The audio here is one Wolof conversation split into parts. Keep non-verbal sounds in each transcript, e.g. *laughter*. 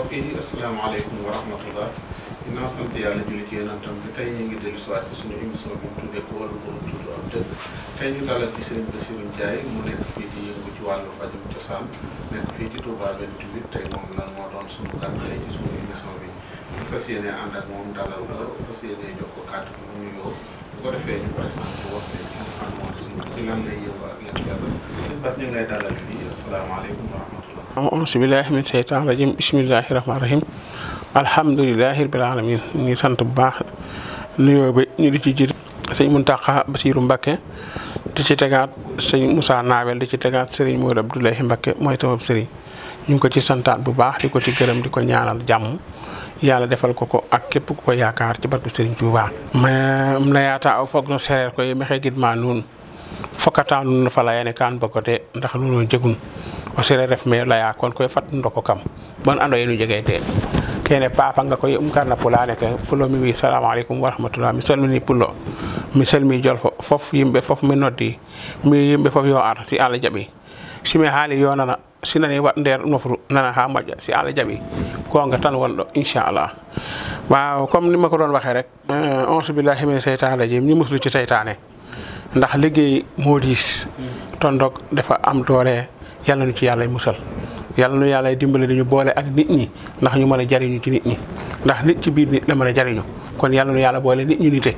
mbokk yi asalaamaaleykum wa rahmatullah dinaa yàlla julli ci bi tey ñu ngi dellu si ci suñu émission bi mu tuddee ko wala borom tudd am dëgg tey ñu dalal ci sëriñ Bassirou Ndiaye mu nekk fii di yëngu ci wàllu fajum cosaan nekk fii ci Touba 28 tey moom lan moo doon suñu gàttale ci suñu émission bi ñu fas yéene ànd ak moom dalal la fas yéene jox ko kàddu bu nuyoo bu ko defee ñu présenté wax ne moom si ci lan lay yëngu ak auzu billaahi min seytaan rajim bismillaahi rahmaani rahim alhamdulillaahi rabbil aalamiin ñu sant bu baax nuyoo ba ñu di ci jël sëñ Muntaxa Basiiru Mbakke di ci tegaat sëñ Moussa Nawel di ci tegaat sëriñ Moodu Abdoulahi Mbakke mooy tamab sëriñ ñu ngi ko ci santaat bu baax di ko ci gërëm di ko ñaanal jàmm yàlla defal ko ko ak képp ku ko yaakaar ci barke sëriñ Tuubaa ma layaata aw foog no sereer koy mexe ma nuun fokkataanu no fa layane kan bogote ndax nuno jegun o sere ref me laya kon koy fat ndoko kam bon ando ye nu jege te kene papanga koy um karna pulane ke pulo mi wi salamu aleykum wa mi salmini pulo mi salmi jol fof yimɓe fof mi noddi mi yimɓe fof yo ar si allah jaɓi simi haali yo nana sinani waɗ nder nofru nana ha moƴƴa si allah jaaɓi gonga tan wonɗo inchallah waaw comme ni ma ko doon waxee rek eh, auzu billahi min ci seytaane ndax liggéey moo diis tondoog dafa am doole yàlla nu ci yàlla musal yàlla nu yàlla dimbale dañu boole ak nit ñi ndax ñu mën a jariñu ci nit ñi ndax nit ci biir nit la mën a jariñu kon yàlla nu yàlla boole nit ñu nite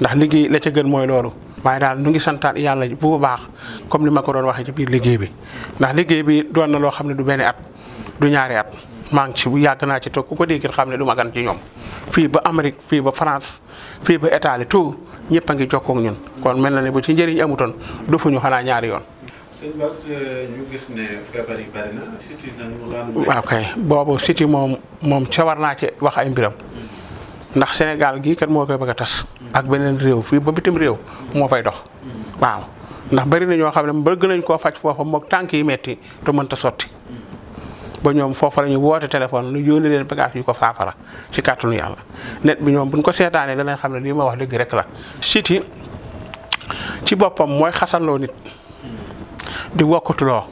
ndax liggéey la ca gën mooy loolu waaye daal nu ngi santaat yàlla bu baax comme ni ma ko doon waxee ci biir liggéey bi ndax liggéey bi doon na loo xam ne du benn at du ñaari at maa ngi ci yàgg naa ci te ku ko dégg xam ne du ma gan ci ñoom fii ba Amérique fii ba France fii ba Italie tout ñëpp a ngi jokkoog ñun kon mel na ne bu ci njariñ amutoon dofuñu xanaa ñaari yoon. sëñ Bass euh, ñu gis ne feebar yi bari moom moom naa ci wax ay mbiram. ndax Sénégal gii kat moo koy bëgg a tas. ak beneen réew fii ba bitim réew. moo fay dox. waaw ndax bari na ñoo xam ne bëgg nañ koo faj foofa mook tànk yi metti te mënta sotti. ba ñoom foofa la ñu woote téléphone nu yónnee leen bagage yu ko faafara ci kàttanu yàlla net bi ñoom buñ ko seetaanee danañ xam ne lii ma wax dëgg rek la site ci boppam mooy xasanloo nit di wokkatuloo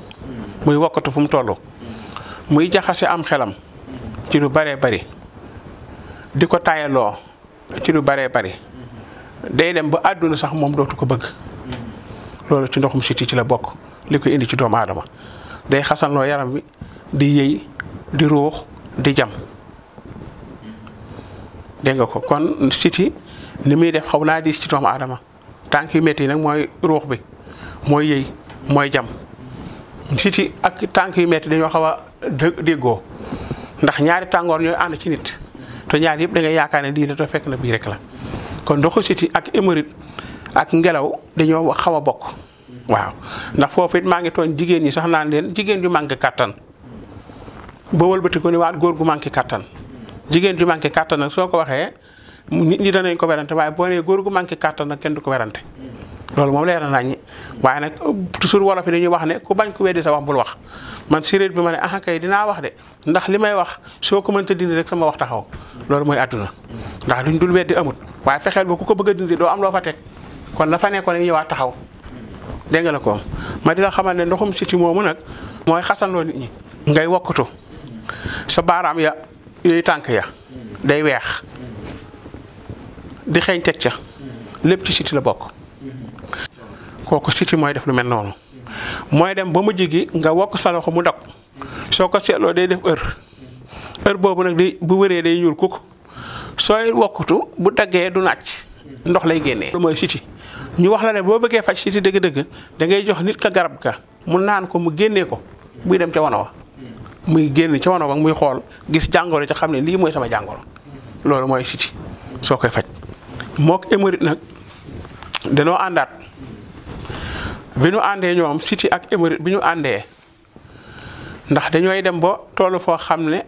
muy wokkatu fu mu toll muy jaxase am xelam ci lu bëree bari di ko tayaloo ci lu bëree bari day dem ba àdduna sax moom dootu ko bëgg loolu ci ndoxum siti ci la bokk li ko indi ci doomu aadama day xasanloo yaram wi di yëy di ruux di jam dégg nga ko kon siti ni muy def xaw naa di ci doomu aadama tànk yu yi nag mooy ruux bi mooy yëy mooy jam siti ak tànk yu métti dañoo xaw a déggoo ndax ñaari tàngoor ñooy ànd ci nit te ñaari yëpp da ngay yaakaar ne lii la te fekk na bii rek la kon ndoxu siti ak émérite ak ngelaw dañoo xaw a bokk waaw ndax foofu it maa ngi tooñ jigéen ñi sax naan leen jigéen ju manque kàttan ba wëlbati ko ni waat góor gu manqué kattan jigéen ju manqué kattan nag soo ko waxee nit ñi danañ ko werante waaye boo nee góor gu manqué kattan nag kenn du ko werante loolu moom leer na waaye nag euh, toujours wolof dañuy wax ne ku bañ ku weddi sa wax wax man séeréer bi ma ne ah kay dinaa wax de ndax li may wax soo ko mënta dindi rek sama wax taxaw loolu mooy àdduna ndax luñ dul weddi amut waaye fexeel ba ku ko bëgg a dindi doo am loo fa teg kon la fa nekkoon dañuy ñëwaat taxaw dégg nga ko ma dina xamal ne ndoxum siti moomu nag mooy xasanloo nit ñi ngay wokkatu sa baaraam ya yooyu tànk ya day weex di xeeñ teg ca lépp ci siti la bokk kooku siti mooy def lu mel noonu mooy dem ba mu gi nga wokk sa loxo mu dog soo ko seetloo day def heure heure boobu nag di bu wëree day ñuul kuk sooy wokkutu bu daggee du naaj ndox lay génnee. loolu mooy siti ñu wax la ne boo bëggee faj siti dëgg-dëgg da ngay jox nit ka garab ka mu naan ko mu génnee ko buy dem ca wana wa muy génn ci wanoo ba muy xool gis jàngoro ci xam ne lii mooy sama jàngoro loolu mooy siti soo koy faj mook hémorroïde nag danoo àndaat bi nu àndee ñoom siti ak hémorroïde bi ñu àndee ndax dañooy dem ba tollu foo xam ne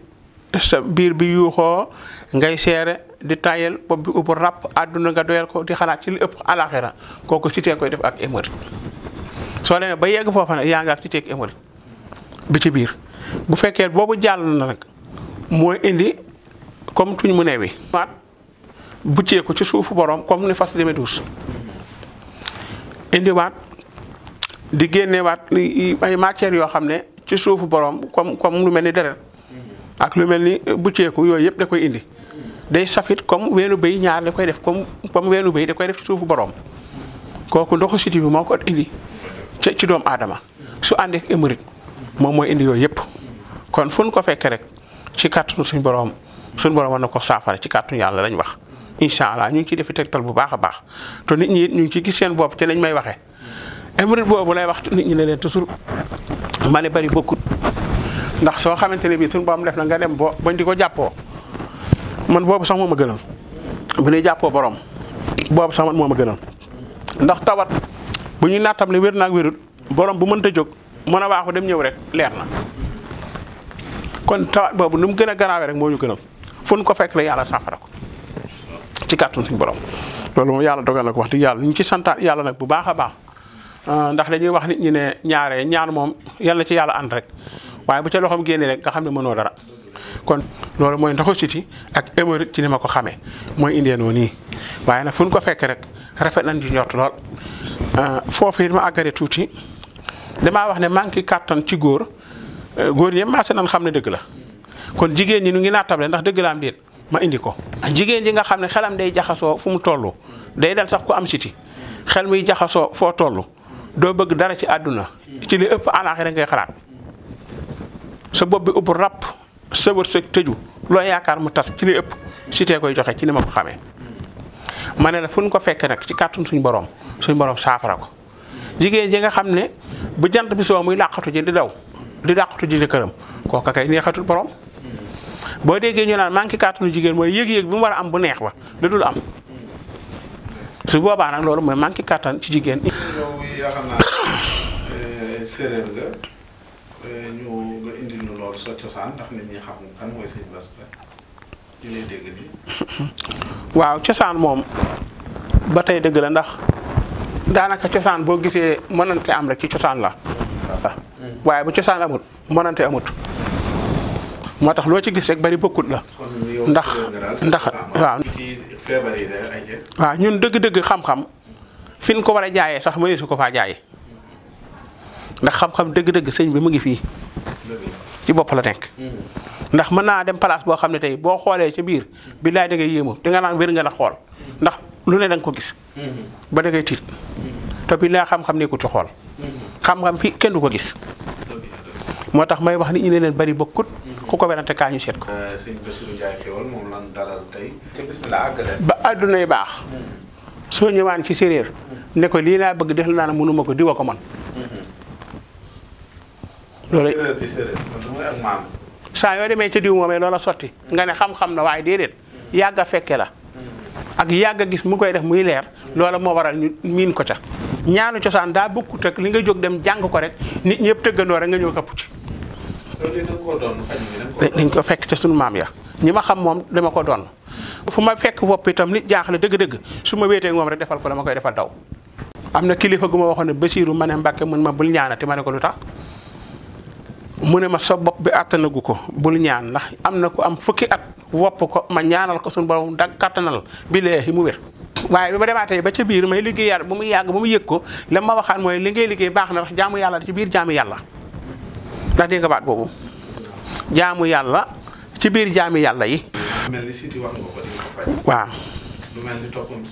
sa biir bi yuuxoo ngay seere di tayel bopp bi ubbu ràpp adduna nga doyal ko di xalaat ci li ëpp alaxira kooku sitee koy def ak hémorroïde soo demee ba yegg foofa nag yaa ngi ak sitee ak hémorroïde bi ci biir bu fekkee boobu jàll na nag mooy indi comme tuñ mu newi maat bucceeku ci suufu borom comme ni fas deme duus indiwaat di génnewaat ay matières yoo xam ne ci suufu borom comme comme lu mel ni deret ak lu mel ni bucceeku yooyu yëpp da koy indi day safit comme weenu béy ñaar koy def comme comme weenu béy da koy def suufu borom kooku ndoxu siti bi moo ko indi ci doomu aadama su àndeek émérite moom mooy indi yooyu yëpp kon fu ñu ko fekkee rek ci kàttanu suñ borom suñ borom war na ko saafara ci kàttanu yàlla lañ wax. incha allah ñu ngi ciy defi tegtal bu baax a baax te nit ñi ñu ngi ciy gis seen bopp ci nañ may waxee émiré boobu lay wax nit ñi ne leen toujours ma ne bari bokkut ndax soo xamante ne bii suñ borom def na nga dem boo bañ di ko jàppoo man boobu sax moom a gënal bu ñuy jàppoo borom boobu sax man moo ma gënal ndax tawat bu ñuy naatam ne borom bu mënta jóg. mën a waaxu dem ñëw rek leer na kon tawaat boobu nu mu gën a garaawee rek moo ñu gënal fu ñu ko fekk rek yàlla saafara ko ci kàttun suñu borom loolu moom yàlla dogal nag ko wax dëgg yàlla ñu ci santaat yàlla nag bu baax a baax ah, ndax dañuy wax nit ñi ne ñaare ñaan moom yal na ci yàlla ànd rek waaye bu ca loxoom génnee rek nga xam ne mënoo dara kon loolu mooy ndaxu siti ak émérite ci ni ma ko xamee mooy indee noonu nii waaye nag fu ko fekk rek rafet na ci njort lool ah, tuuti. damaa wax ne manque kàttan ci góor euh, góor yëpp maase nañ xam ne dëgg la kon jigéen ñi nu ngi naa table ndax dëgg la am ma indi ko. jigéen ji nga xam ne xelam day jaxasoo fu mu toll day dal sax ku am siti xel muy jaxasoo foo toll doo bëgg dara ci àdduna ci li ëpp àllaaxira ngay xalaat sa bopp bi ëpp ràpp sa wërsëg tëju loo yaakaar mu tas ci li ëpp sitee koy joxe ci ni ma ko xamee. ma ne la fu ñu ko fekk nag ci kàttan suñu borom suñ boroom saafara ko bu jant bi soo muy làqatu ji di daw di làqatu ji di këram kooka kay neexatul borom boo déggee ñu naan manqué kàttanu jigéen mooy yëg-yëg bi mu war a am bu neex ba lu dul am su boobaa nag loolu mooy manqué kàttan ci jigéen. *coughs* Euh, euh, cosaan ndax *coughs* waaw cosaan moom ba tey dëgg la ndax. daanaka cosaan boo gisee mënante am rek ci cosaan la hmm. waaye bu cosaan amut mënante amut moo tax loo ci gis rek bari bokkut la ndax ndax waa ñun dëgg-dëgg xam-xam fi ko war a jaayee sax mënee ko faa jaayee ndax xam-xam dëgg-dëgg sëñ bi mu ngi fii ci bopp la nekk hmm. ndax mën naa dem place boo xam ne tey boo xoolee ci biir bi laay da ngay nga naan wér nga la xool ndax lu ne da ko gis. Mm-hmm. ba da ngay tiit. Mm-hmm. te laa xam-xam ne ku ci xool. Mm-hmm. xam-xam fi kenn du ko gis. moo tax may wax nit ñi ne leen ku ko werante kaa euh, ba àdduna yi baax. soo ñëwaan ci séeréer. ne ko lii laa bëgg def naa mënuma ko diwa ko man. saa yoo demee ca diw moomee loola sotti. nga ne xam-xam na waaye déedéet. yàgga a fekke la. ak yàgg a gis mu koy def muy leer loola moo waral ñu miin ko ca ñaanu cosaan daa ko ak li nga jóg dem jàng ko rek nit ñëpp tëggandoo rek nga ñëw kapp ci. dañ ko fekk ca sunu maam ya ñi ma xam moom dama ko doon fu ma fekk wopp tam nit jaaxle dëgg-dëgg su ma wéetee moom rek defal ko la ma koy defal daw am na kilifa gu ma waxoon ne Basiiru ma ne Mbàkke mun ma bul ñaanati ma ne ko lu tax mu ne ma sa bopp bi àttanagu ko bul ñaan ndax am na ko am fukki at wopp ko ma ñaanal ko suñu ba dag kàttanal bi leexi mu wér waaye bi ma ba ca biir may liggéeyaat bu mu yàgg ba mu yëg ko la ma waxaan mooy li ngay liggéey baax na ndax jaamu yàlla ci biir jaamu yàlla ndax dégg yàlla ci biir jaami yàlla yi. mel ni siti mel ni toppam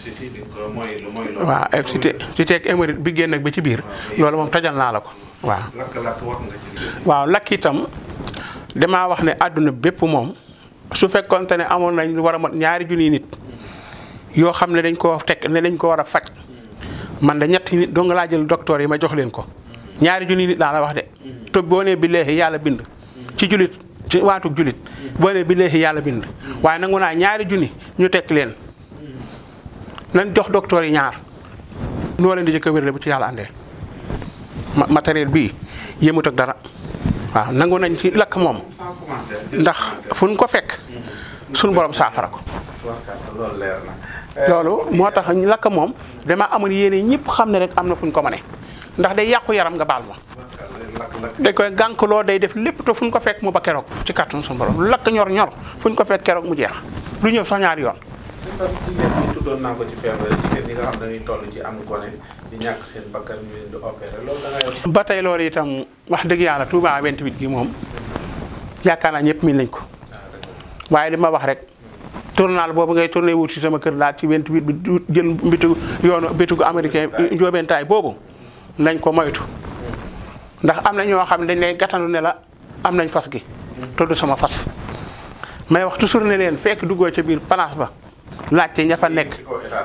eh, bi génn ak bi ci biir. loolu moom tojal naa la ko. waaw lakk-lakk itam damaa wax ne àdduna bépp moom su fekkonte ne amoon nañ war a mot ñaari junniy nit yoo xam ne dañ koo tek ne dañ ko war a faj man da ñett nit doo nga laa jël docteur yi ma jox leen ko ñaari junni nit laa la wax de te boo nee bi léegi yàlla bind ci julit ci waatu julit boo nee bi léegi yàlla bind waaye nangu naa ñaari junni ñu teg leen nan jox docteur yi ñaar noo leen di jëkk a wérle bu ci yàlla àndee matériel bii yëmut ak dara waaw nangu nañ ci lakk moom ndax fu ñu ko fekk suñu borom saafara ko loolu moo tax lakk moom dama amul yéene ñëpp xam ne rek am na fu ñu ko mëne ndax day yàqu yaram nga baal ma dañ koy gànkloo day def lépp te fu ñu ko fekk mu a keroog ci kàttan suñu borom lakk ñor ñor fu ñu ko fekk keroog mu jeex lu ñëw sax ñaari yoon parce que jigéen ñi tuddoon naa ko nga xam dañuy toll ci seen bakkan ba tey itam wax dëgg yàlla Touba 28 gi moom yakaar naa ñëpp miin nañ ko waaye li ma wax rek tournal boobu ngay tourné wut ci sama kër laa ci 28 bi jël mbitu yoonu bitigu américain njóobentaay boobu nañ ko moytu ndax am na ñoo xam ne dañ lay gàttandu ne la am nañ fas gi. tudd sama fas may wax toujours ne leen fekk duggoo ca biir palaas ba. laajte ña fa nekk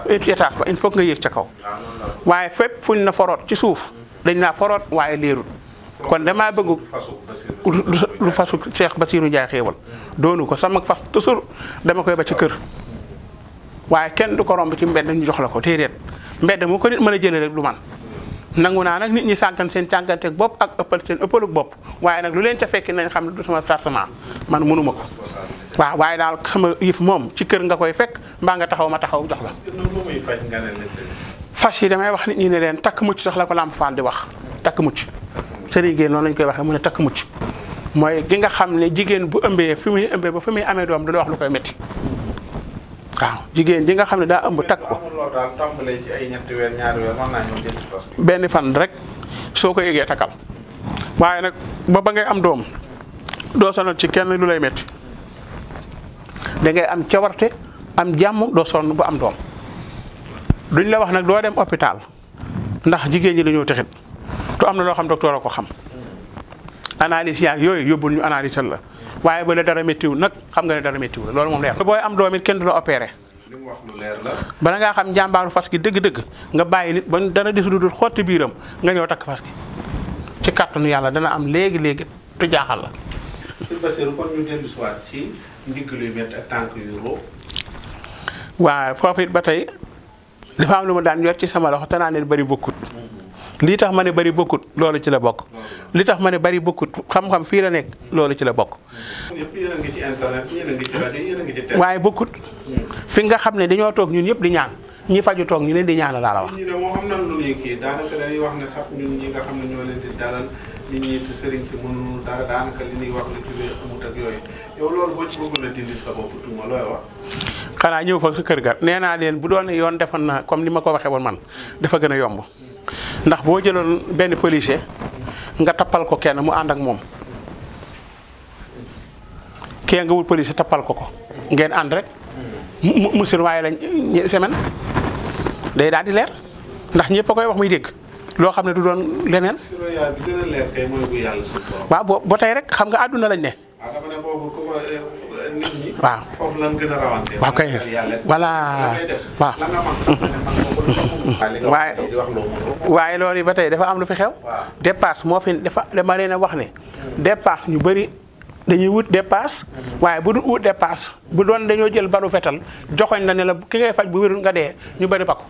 état ko il faut nga yéeg ca kaw waaye fépp fuñ na foroot ci suuf dañ naa foroot waaye leerul kon damaa bëgg lu fasu Cheikh Bassirou Ndiaye xéewal doonu ko sama fas toujours dama koy ba ci kër waaye kenn du ko romb ci mbedd ñu jox la ko téeréet mbedd mu ko nit mën a jëlee rek du man nangu naa nag nit ñi sàggan seen càgganteeg bopp ak ëppal seen ëppalug bopp waaye nag lu leen ca fekki nañ xam ne du sama sartement man mënuma ko waaw waaye daal sama yëf moom ci kër nga koy fekk mbaa nga taxaw ma taxaw jox la fas yi damay wax nit ñi ne leen takk mucc sax la ko Lamp Fall di wax takk mucc sëriñ géen noonu lañ koy waxee mu ne takk mucc mooy gi nga xam ne jigéen bu ëmbee fi muy ëmbee ba fi muy amee doom du la wax lu koy metti waaw jigéen ji nga xam ne daa ëmb takk ko. benn fan rek soo ko yëgee takkal waaye nag ba ba ngay am doom doo sonal ci kenn lu lay métti da am cawarte am jàmm doo sonn ba am doom duñ la wax nag doo dem hôpital ndax jigéen ñi dañoo texit te am na loo xam docteur a ko xam analyse yaag yooyu yóbbul ñu analyse la. waaye ba la dara méttiwul nag xam nga ne dara méttiwul loolu moom leer booy am doom it kenn du la opéré li bala ngaa xam njàmbaaru fas gi dëgg-dëgg nga bàyyi nit ba dara desul dul xotti biiram nga ñëw takk fas gi ci kàttanu yàlla dana am léegi léegi tu jaaxal la sëñ foofu it ba tey dafa am lu ma daan yor ci sama loxo te naa ne bëri bokkut hmm. lii tax ma ne bari bokkut loolu ci la bokk li tax ma ne bari bokkut xam-xam fii la nekk loolu ci la bokk. waaye bokkut fi nga xam ne dañoo toog ñun yëpp di ñaan ñi faju toog ñu leen di ñaan laa la wax. nit wax a dindil sa bopp xanaa ñëw fa sa kër ga nee naa leen bu doon yoon defoon na comme ni ma ko waxee woon man dafa gën a yomb. ndax boo jëloon benn policier nga tappal ko kenn mu ànd ak moom kee nga wul policier tappal ko ko ngeen ànd rek mu mu surveiller lañ semaine day daal di leer ndax ñëpp koy wax muy dégg loo xam ne du doon leneen. waaw boo ba tey rek xam nga àdduna lañ ne. Ah, nit ñi. waaw foofu lan gën a rawante. waaw kay voilà waaw. waaye waaye loolu yi ba tey dafa am lu fi xew. dépasse moo fi dafa dama leen wax ne. dépasse ñu bari dañuy wut dépasse. Mm-hmm. waaye bu du wut dépasse bu doon dañoo jël baru fetal joxoñ la ne la ki ngay faj bu wérul nga dee ñu bari bakku.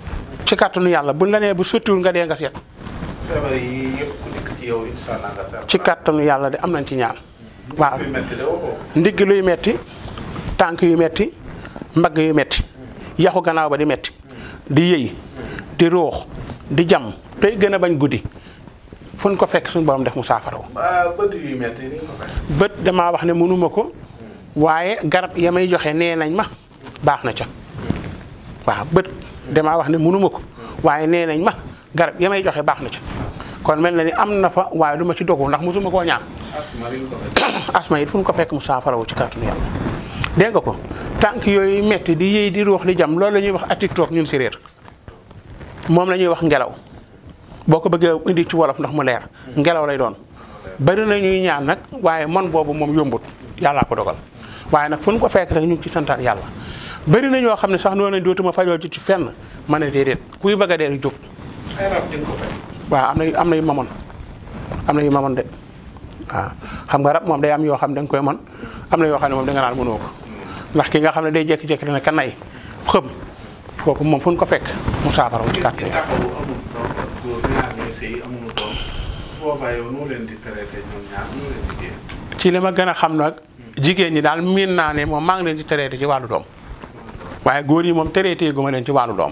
ci kàttanu yàlla bu la nee bu surtout nga dee nga seet. ci kàttanu yàlla de am nañ ci ñaan mm-hmm. ndigg luy metti tànk yu metti mbagg yu metti yaxu gannaaw ba di metti di yëy di ruux di jam tey gën a bañ guddi fu ñu ko fekk suñu borom def mu saafara ah, bët yu bët damaa wax ne mënuma ko waaye garab ya may joxe nee nañ ma baax na ca waaw bët damaa wax ne mënuma ko waaye nee nañ ma garab ya may joxe baax na ca kon mel na ni am na fa waaye lu ma ci dogu ndax mosuma koo ñaan asma fu ñu *coughs* ko fekk mu saafara wu ci kàttanu yàlla dégg nga ko tànk yooyu metti di yëy di ruux li jam loolu la ñuy wax atik toog ñun séréer moom la ñuy wax ngelaw boo ko bëggee indi ci wolof ndax mu leer ngelaw lay doon bari na ñuy ñaan nag waaye man boobu moom yombut yàllaa ko dogal waaye nag fu ñu ko fekk rek ñu ngi ci santaat yàlla bari na ñoo xam ne sax noonu lañ dootuma fajoo ci fenn ma ne déedéet kuy bëgg a dee jóg waa am na am na yu mamoon am na yu ma mën de waaw xam nga rab moom day am yoo xam ne da nga koy mën am na yoo xam ne moom da nga naan mënoo ko ndax ki nga xam ne day jékki-jékki ne ka nay xëm kooku moom fu ñu ko fekk mu saafara ci kàtt yi. ci li ma gën a xam nag jigéen ñi daal miin naa ne moom maa ngi leen ci traité ci wàllu doom waaye góor yi moom traité gu ma leen ci wàllu doom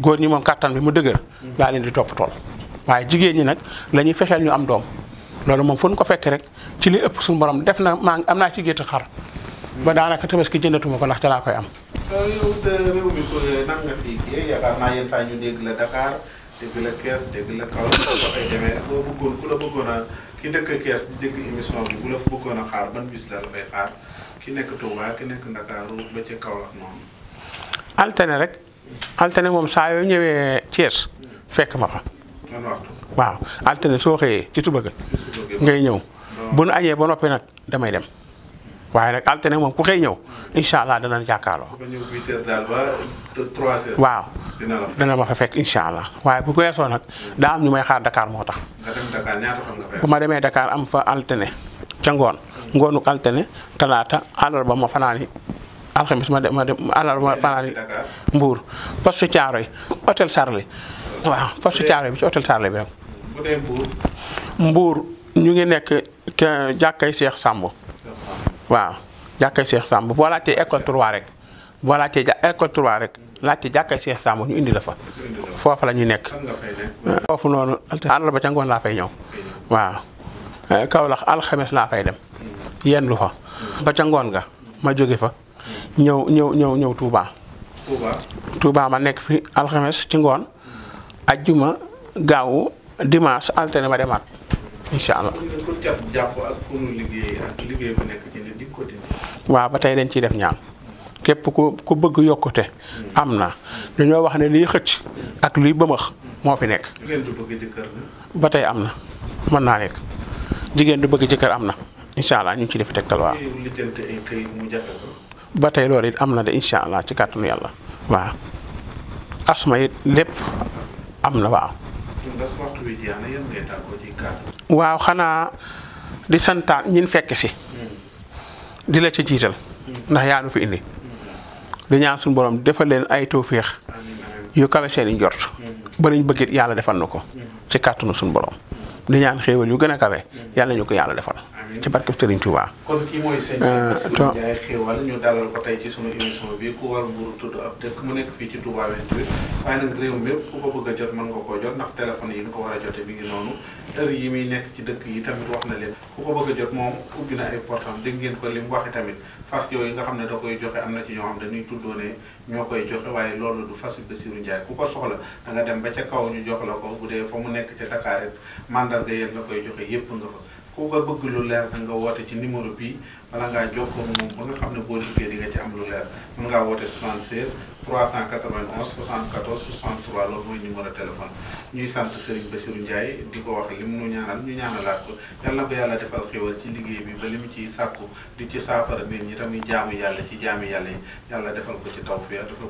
góor ñi moom kattan bi mu dëgër laa leen di topp tool waaye jigéen ñi nag lañuy ñuy fexeel ñu am doom loolu moom fu ñu ko fekk rek ci li ëpp suñu borom def na maa am naa ci gétt xar ba daanaka tabaski jëndatuma ko ndax ca laa koy am. Euh, yow euh, ko la Dakar a ki dëkk Kees di dégg émission bi bu la fa bëggoon a xaar ban bis la la fay xaar ki nekk Touba ki nekk Ndakaaru ba ci Kaolack noonu. altine rek. altine moom saa yoo ñëwee Thiès fekk ma fa. waaw altine soo xëyee ci suba ga ngay ñëw bu nu añee ba noppi nag damay dem. waaye rek altine moom ku xëy ñëw incha allah danañ jàkkaarloo. waaw. dana ma fa fekk incha allah waaye bu ko weesoo nag daa am ñu may xaar dakaar moo tax. bu ma demee Dakar am fa altine ca ngoon. ngoonu altine talaata àllarba ma fanaani alxamis ma dem ma dem àllarba ma fanaani Mbuur poste Thiaroye hôtel Sarli waaw poste Thiaroye bi ci hôtel Sarli bi rek. Mbuur. ñu ngi nekk jàkkay Seex Sàmb waaw jàkkay Cheikh Samb boo laajtee école 3 rek boo laajtee ja école rek laajte jàkkay Cheikh Samb ñu indi la fa. foofu la ñuy nekk. foofu noonu àll ba ca ngoon laa fay ñëw. waaw eh, Kaolack alxames laa dem. yenn lu fa. ba ca ngoon nga ma jóge fa. ñëw ñëw ñëw ñëw Touba. Touba ma nekk fi alxames ci ngoon. ajjuma gaawu dimanche alterné ma demaat. incha allah. waaw ba tey dañ ciy def ñaan. képp ku ku bëgg yokkute. am na dañoo wax ne liy xëcc. ak luy bëmax moo fi nekk. ba tey am na mën naa nekk jigéen du bëgg jëkkër am na incha allah ñu ngi ci def tegtal waaw. ba tey loolu it am na de incha allah ci kàttanu yàlla waaw asma it lépp am na waaw. waaw xanaa di santaat ñin fekk si. Hmm. di la ci jiital. Hmm. ndax yaa nu fi indi. Hmm. di ñaan suñu borom defal leen ay tawféex yu kawe seen i njort. ba liñ bëgg it yàlla defal na ko. ci kàttanu suñu borom. di ñaan xéewal yu gën a kawe yàlla ñu ko yàlla defal. ci barkeb Sëriñ Tuubaa. kon kii mooy sëñ Bassirou euh, Ndiaye xéewal ñu dalal ko tey ci sunu émission bi ku war mburu tudd ab dëkk mu nekk fii ci Touba 28 waaye nag réew ku ko bëgg a jot mën nga koo jot ndax téléphone yi nga ko war a jotee mi ngi noonu heure yi muy nekk ci dëkk yi tamit wax na leen ku ko bëgg jot moom ubbi na ay portam dégg ngeen ko li mu waxe tamit fas yooyu nga xam ne da koy joxe am na ci ñoo xam dañuy tuddoo ñoo koy joxe waaye loolu du fasu Bassirou Ndiaye ku ko soxla da nga dem ba ca kaw ñu jox la ko bu dee fa mu nekk ca Dakar rek mandarga koy joxe yépp nga ko nga bëgg lu leer na nga woote ci numéro bii wala ngaa jokkoo moom ba nga xam ne boo liggéey di ci am lu leer mën ngaa woote 76 391 74 63 loolu mooy numéro téléphone ñuy sant Serigne Bassirou Ndiaye di ko wax li mu nu ñaanal ñu ñaanalaat ko yàlla ko yàlla defal xéwal ci liggéey bi ba li mu ci sàkku di ci saafara nit ñi tamit jaamu yàlla ci jaamu yàlla yi yàlla defal ko ci taw tawfiq